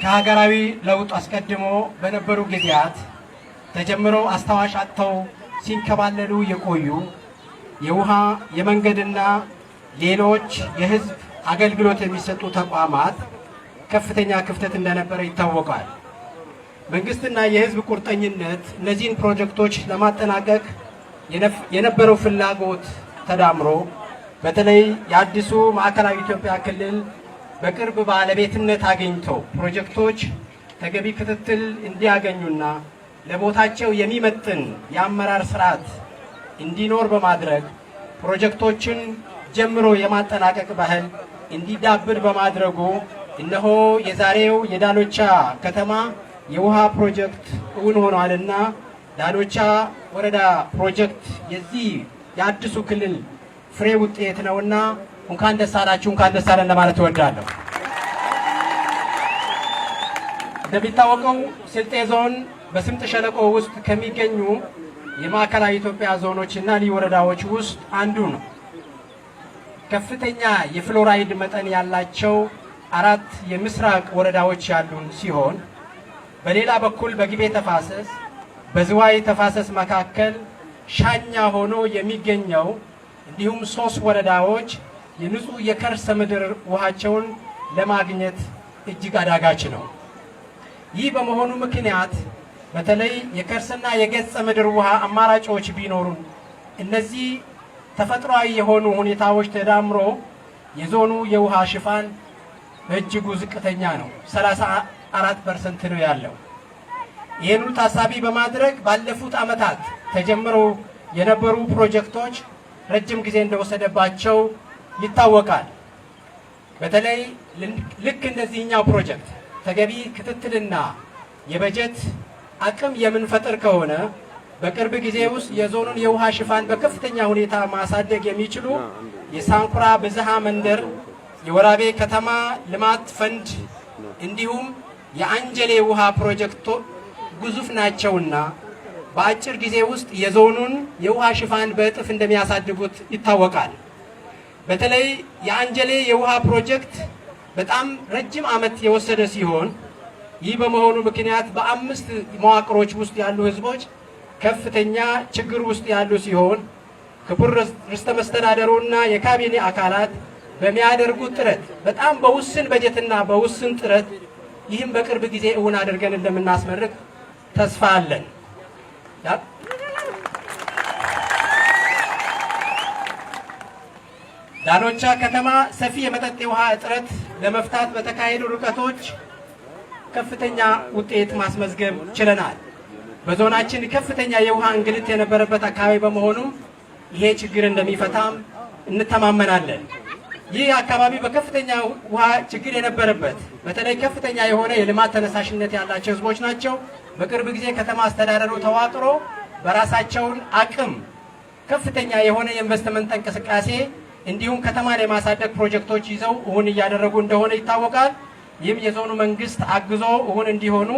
ከሀገራዊ ለውጥ አስቀድሞ በነበሩ ጊዜያት ተጀምረው አስታዋሽ አጥተው ሲንከባለሉ የቆዩ የውሃ የመንገድና ሌሎች የሕዝብ አገልግሎት የሚሰጡ ተቋማት ከፍተኛ ክፍተት እንደነበረ ይታወቃል። መንግስትና የሕዝብ ቁርጠኝነት እነዚህን ፕሮጀክቶች ለማጠናቀቅ የነበረው ፍላጎት ተዳምሮ በተለይ የአዲሱ ማዕከላዊ ኢትዮጵያ ክልል በቅርብ ባለቤትነት አግኝተው ፕሮጀክቶች ተገቢ ክትትል እንዲያገኙና ለቦታቸው የሚመጥን የአመራር ስርዓት እንዲኖር በማድረግ ፕሮጀክቶችን ጀምሮ የማጠናቀቅ ባህል እንዲዳብር በማድረጉ እነሆ የዛሬው የዳሎቻ ከተማ የውሃ ፕሮጀክት እውን ሆኗልና ዳሎቻ ወረዳ ፕሮጀክት የዚህ የአዲሱ ክልል ፍሬ ውጤት ነውና እንኳን ደስ አላችሁ፣ እንኳን ደስ አለን ለማለት እወዳለሁ። እንደሚታወቀው ስልጤ ዞን በስምጥ ሸለቆ ውስጥ ከሚገኙ የማዕከላዊ ኢትዮጵያ ዞኖች እና ልዩ ወረዳዎች ውስጥ አንዱ ነው። ከፍተኛ የፍሎራይድ መጠን ያላቸው አራት የምስራቅ ወረዳዎች ያሉን ሲሆን በሌላ በኩል በግቤ ተፋሰስ በዝዋይ ተፋሰስ መካከል ሻኛ ሆኖ የሚገኘው እንዲሁም ሶስት ወረዳዎች የንጹህ የከርሰ ምድር ውሃቸውን ለማግኘት እጅግ አዳጋች ነው። ይህ በመሆኑ ምክንያት በተለይ የከርሰና የገጸ ምድር ውሃ አማራጮች ቢኖሩን እነዚህ ተፈጥሯዊ የሆኑ ሁኔታዎች ተዳምሮ የዞኑ የውሃ ሽፋን በእጅጉ ዝቅተኛ ነው። 34 ፐርሰንት ነው ያለው። ይህኑ ታሳቢ በማድረግ ባለፉት ዓመታት ተጀምረው የነበሩ ፕሮጀክቶች ረጅም ጊዜ እንደወሰደባቸው ይታወቃል። በተለይ ልክ እንደዚህኛው ፕሮጀክት ተገቢ ክትትልና የበጀት አቅም የምንፈጥር ከሆነ በቅርብ ጊዜ ውስጥ የዞኑን የውሃ ሽፋን በከፍተኛ ሁኔታ ማሳደግ የሚችሉ የሳንኩራ ብዝሃ መንደር፣ የወራቤ ከተማ ልማት ፈንድ እንዲሁም የአንጀሌ ውሃ ፕሮጀክቶ ግዙፍ ናቸውና በአጭር ጊዜ ውስጥ የዞኑን የውሃ ሽፋን በእጥፍ እንደሚያሳድጉት ይታወቃል። በተለይ የአንጀሌ የውሃ ፕሮጀክት በጣም ረጅም ዓመት የወሰደ ሲሆን ይህ በመሆኑ ምክንያት በአምስት መዋቅሮች ውስጥ ያሉ ህዝቦች ከፍተኛ ችግር ውስጥ ያሉ ሲሆን ክቡር ርዕሰ መስተዳደሩና የካቢኔ አካላት በሚያደርጉት ጥረት በጣም በውስን በጀትና በውስን ጥረት ይህም በቅርብ ጊዜ እውን አድርገን እንደምናስመርቅ ተስፋ አለን። ዳሎቻ ከተማ ሰፊ የመጠጥ የውሃ እጥረት ለመፍታት በተካሄዱ ርቀቶች ከፍተኛ ውጤት ማስመዝገብ ችለናል። በዞናችን ከፍተኛ የውሃ እንግልት የነበረበት አካባቢ በመሆኑ ይሄ ችግር እንደሚፈታም እንተማመናለን። ይህ አካባቢ በከፍተኛ ውሃ ችግር የነበረበት በተለይ ከፍተኛ የሆነ የልማት ተነሳሽነት ያላቸው ሕዝቦች ናቸው። በቅርብ ጊዜ ከተማ አስተዳደሩ ተዋቅሮ በራሳቸውን አቅም ከፍተኛ የሆነ የኢንቨስትመንት እንቅስቃሴ እንዲሁም ከተማን የማሳደግ ፕሮጀክቶች ይዘው እሁን እያደረጉ እንደሆነ ይታወቃል። ይህም የዞኑ መንግስት አግዞ እሁን እንዲሆኑ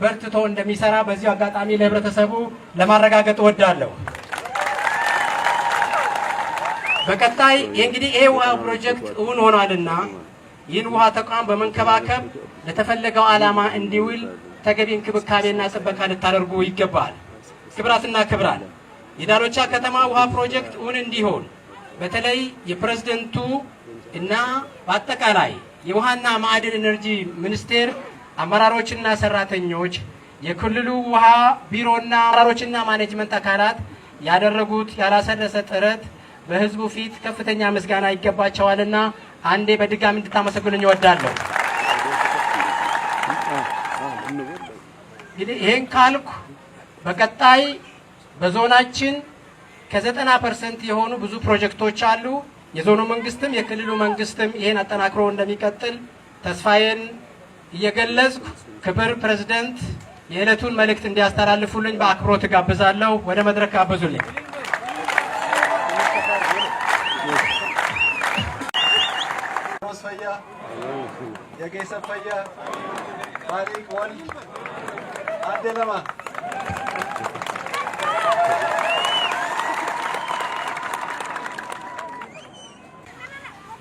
በርትቶ እንደሚሰራ በዚሁ አጋጣሚ ለህብረተሰቡ ለማረጋገጥ እወዳለሁ። በቀጣይ እንግዲህ ይህ ውሃ ፕሮጀክት እውን ሆኗልና ይህን ውሃ ተቋም በመንከባከብ ለተፈለገው ዓላማ እንዲውል ተገቢ እንክብካቤና ጥበቃ ልታደርጉ ይገባል። ክብራትና ክብራል የዳሎቻ ከተማ ውሃ ፕሮጀክት እውን እንዲሆን በተለይ የፕሬዝደንቱ እና በአጠቃላይ የውሃና ማዕድን ኢነርጂ ሚኒስቴር አመራሮችና ሰራተኞች የክልሉ ውሃ ቢሮና አመራሮችና ማኔጅመንት አካላት ያደረጉት ያላሰለሰ ጥረት በህዝቡ ፊት ከፍተኛ ምስጋና ይገባቸዋልና አንዴ በድጋሚ እንድታመሰግኑኝ እወዳለሁ። ይህን ካልኩ በቀጣይ በዞናችን ከዘጠና ፐርሰንት የሆኑ ብዙ ፕሮጀክቶች አሉ። የዞኑ መንግስትም የክልሉ መንግስትም ይህን አጠናክሮ እንደሚቀጥል ተስፋዬን እየገለጽኩ ክብር ፕሬዝደንት የዕለቱን መልእክት እንዲያስተላልፉልኝ በአክብሮት ጋብዛለሁ። ወደ መድረክ ጋብዙልኝ። ሰፈያ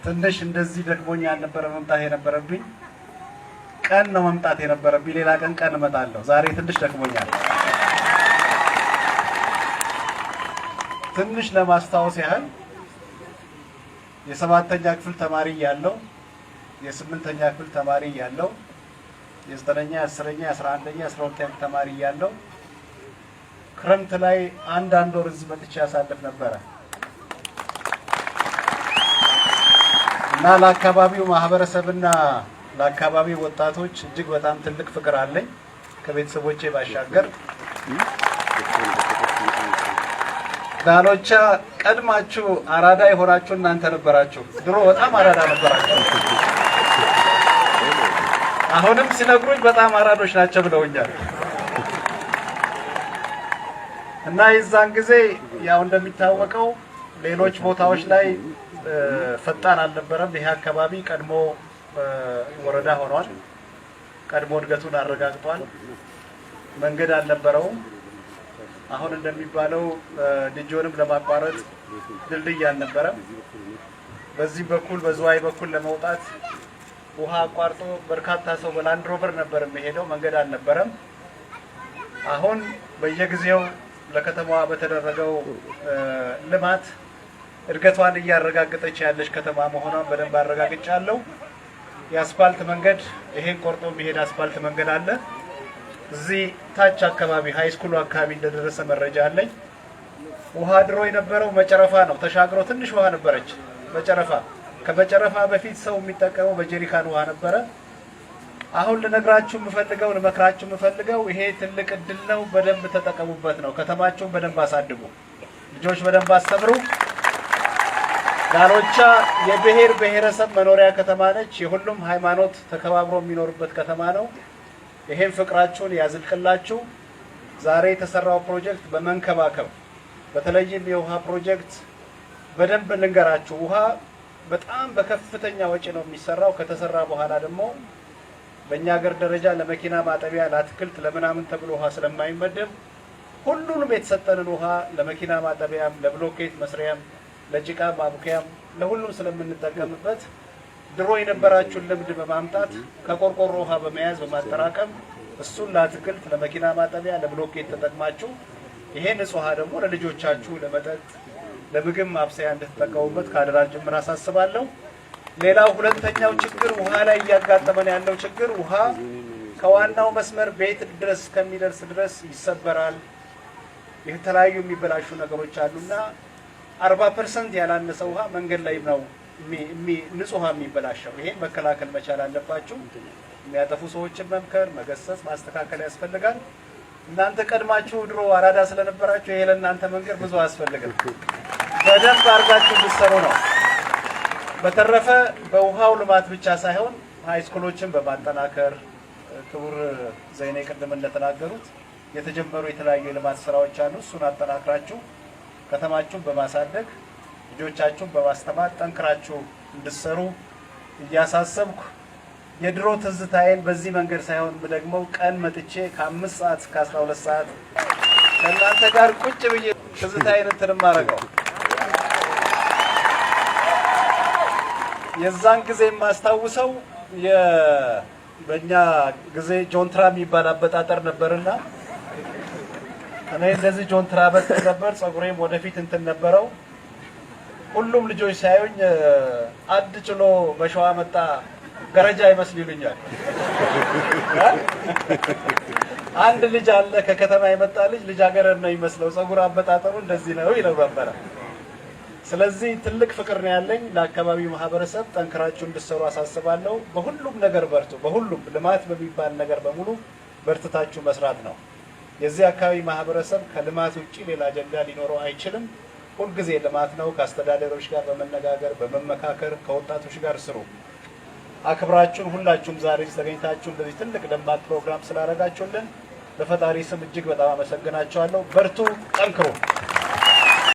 ትንሽ እንደዚህ ደክሞኛ ያልነበረ መምጣት የነበረብኝ ቀን ነው መምጣት የነበረብኝ። ሌላ ቀን ቀን እመጣለሁ። ዛሬ ትንሽ ደክሞኛል። ትንሽ ለማስታወስ ያህል የሰባተኛ ክፍል ተማሪ ያለው የስምንተኛ ክፍል ተማሪ ያለው የዘጠነኛ የአስረኛ የአስራ አንደኛ የአስራ ሁለተኛ ክፍል ተማሪ ያለው ክረምት ላይ አንዳንድ ወር እዚህ መጥቼ ያሳልፍ ነበረ። እና ለአካባቢው ማህበረሰብና ለአካባቢው ወጣቶች እጅግ በጣም ትልቅ ፍቅር አለኝ ከቤተሰቦቼ ባሻገር። ዳሎቻ ቀድማችሁ አራዳ የሆናችሁ እናንተ ነበራችሁ። ድሮ በጣም አራዳ ነበራችሁ። አሁንም ሲነግሩኝ በጣም አራዶች ናቸው ብለውኛል። እና የዛን ጊዜ ያው እንደሚታወቀው ሌሎች ቦታዎች ላይ ፈጣን አልነበረም። ይሄ አካባቢ ቀድሞ ወረዳ ሆኗል። ቀድሞ እድገቱን አረጋግጧል። መንገድ አልነበረውም። አሁን እንደሚባለው ድጆንም ለማቋረጥ ድልድይ አልነበረም። በዚህ በኩል በዝዋይ በኩል ለመውጣት ውሃ አቋርጦ በርካታ ሰው በላንድ ሮቨር ነበር የሚሄደው፣ መንገድ አልነበረም። አሁን በየጊዜው ለከተማዋ በተደረገው ልማት እድገቷን እያረጋገጠች ያለች ከተማ መሆኗን በደንብ አረጋግጫለሁ። የአስፋልት መንገድ ይሄን ቆርጦ የሚሄድ አስፋልት መንገድ አለ። እዚህ ታች አካባቢ ሃይስኩሉ አካባቢ እንደደረሰ መረጃ አለኝ። ውሃ ድሮ የነበረው መጨረፋ ነው። ተሻግሮ ትንሽ ውሃ ነበረች መጨረፋ። ከመጨረፋ በፊት ሰው የሚጠቀመው በጀሪካን ውሃ ነበረ። አሁን ልነግራችሁ የምፈልገው ልመክራችሁ የምፈልገው ይሄ ትልቅ እድል ነው። በደንብ ተጠቀሙበት ነው። ከተማችሁን በደንብ አሳድጉ። ልጆች በደንብ አስተምሩ። ዳሎቻ የብሔር ብሔረሰብ መኖሪያ ከተማ ነች። የሁሉም ሃይማኖት ተከባብሮ የሚኖርበት ከተማ ነው። ይሄን ፍቅራችሁን ያዝልቅላችሁ። ዛሬ የተሰራው ፕሮጀክት በመንከባከብ በተለይም የውሃ ፕሮጀክት በደንብ ልንገራችሁ። ውሃ በጣም በከፍተኛ ወጪ ነው የሚሰራው። ከተሰራ በኋላ ደግሞ በእኛ ሀገር ደረጃ ለመኪና ማጠቢያ፣ ለአትክልት፣ ለምናምን ተብሎ ውሃ ስለማይመደብ ሁሉንም የተሰጠንን ውሃ ለመኪና ማጠቢያም ለብሎኬት መስሪያም ለጭቃ ማቡኪያም ለሁሉም ስለምንጠቀምበት ድሮ የነበራችሁን ልምድ በማምጣት ከቆርቆሮ ውሃ በመያዝ በማጠራቀም እሱን ለአትክልት፣ ለመኪና ማጠቢያ፣ ለብሎኬት ተጠቅማችሁ ይሄን ንጹህ ውሃ ደግሞ ለልጆቻችሁ ለመጠጥ፣ ለምግብ ማብሰያ እንድትጠቀሙበት ከአደራ ጭምር አሳስባለሁ። ሌላው ሁለተኛው ችግር ውሃ ላይ እያጋጠመን ያለው ችግር ውሃ ከዋናው መስመር ቤት ድረስ እስከሚደርስ ድረስ ይሰበራል። የተለያዩ የሚበላሹ ነገሮች አሉና አርባ ፐርሰንት ያላነሰ ውሃ መንገድ ላይ ነው ንጹህ ውሃ የሚበላሸው። ይሄን መከላከል መቻል አለባችሁ። የሚያጠፉ ሰዎችን መምከር፣ መገሰጽ፣ ማስተካከል ያስፈልጋል። እናንተ ቀድማችሁ ድሮ አራዳ ስለነበራችሁ ይሄ ለእናንተ መንገድ ብዙ አያስፈልግም። በደንብ አድርጋችሁ ብትሰሩ ነው። በተረፈ በውሃው ልማት ብቻ ሳይሆን ሃይስኩሎችን በማጠናከር ክቡር ዘይኔ ቅድም እንደተናገሩት የተጀመሩ የተለያዩ የልማት ስራዎች አሉ። እሱን አጠናክራችሁ ከተማችሁን በማሳደግ ልጆቻችሁን በማስተማር ጠንክራችሁ እንድሰሩ እያሳሰብኩ የድሮ ትዝታዬን በዚህ መንገድ ሳይሆን ደግሞ ቀን መጥቼ ከአምስት ሰዓት እስከ አስራ ሁለት ሰዓት ከእናንተ ጋር ቁጭ ብዬ ትዝታዬን እንትን ማረገው የዛን ጊዜ የማስታውሰው በእኛ ጊዜ ጆንትራ የሚባል አበጣጠር ነበርና እኔ እንደዚህ ጆን ትራበት ነበር፣ ጸጉሬም ወደፊት እንትን ነበረው። ሁሉም ልጆች ሳዩኝ አድ ጭሎ በሸዋ መጣ ገረጃ ይመስል ይሉኛል። አንድ ልጅ አለ ከከተማ የመጣ ልጅ ልጃገረድ ነው ይመስለው፣ ጸጉር አበጣጠሩ እንደዚህ ነው ይለው ነበረ። ስለዚህ ትልቅ ፍቅር ነው ያለኝ ለአካባቢው ማህበረሰብ። ጠንክራችሁ እንድሰሩ አሳስባለሁ። በሁሉም ነገር በርቱ። በሁሉም ልማት በሚባል ነገር በሙሉ በርትታችሁ መስራት ነው። የዚህ አካባቢ ማህበረሰብ ከልማት ውጭ ሌላ አጀንዳ ሊኖረው አይችልም። ሁልጊዜ ልማት ነው። ከአስተዳደሮች ጋር በመነጋገር በመመካከር ከወጣቶች ጋር ስሩ። አክብራችሁን ሁላችሁም ዛሬ ተገኝታችሁ በዚህ ትልቅ ደማቅ ፕሮግራም ስላደረጋችሁልን በፈጣሪ ስም እጅግ በጣም አመሰግናችኋለሁ። በርቱ፣ ጠንክሩ።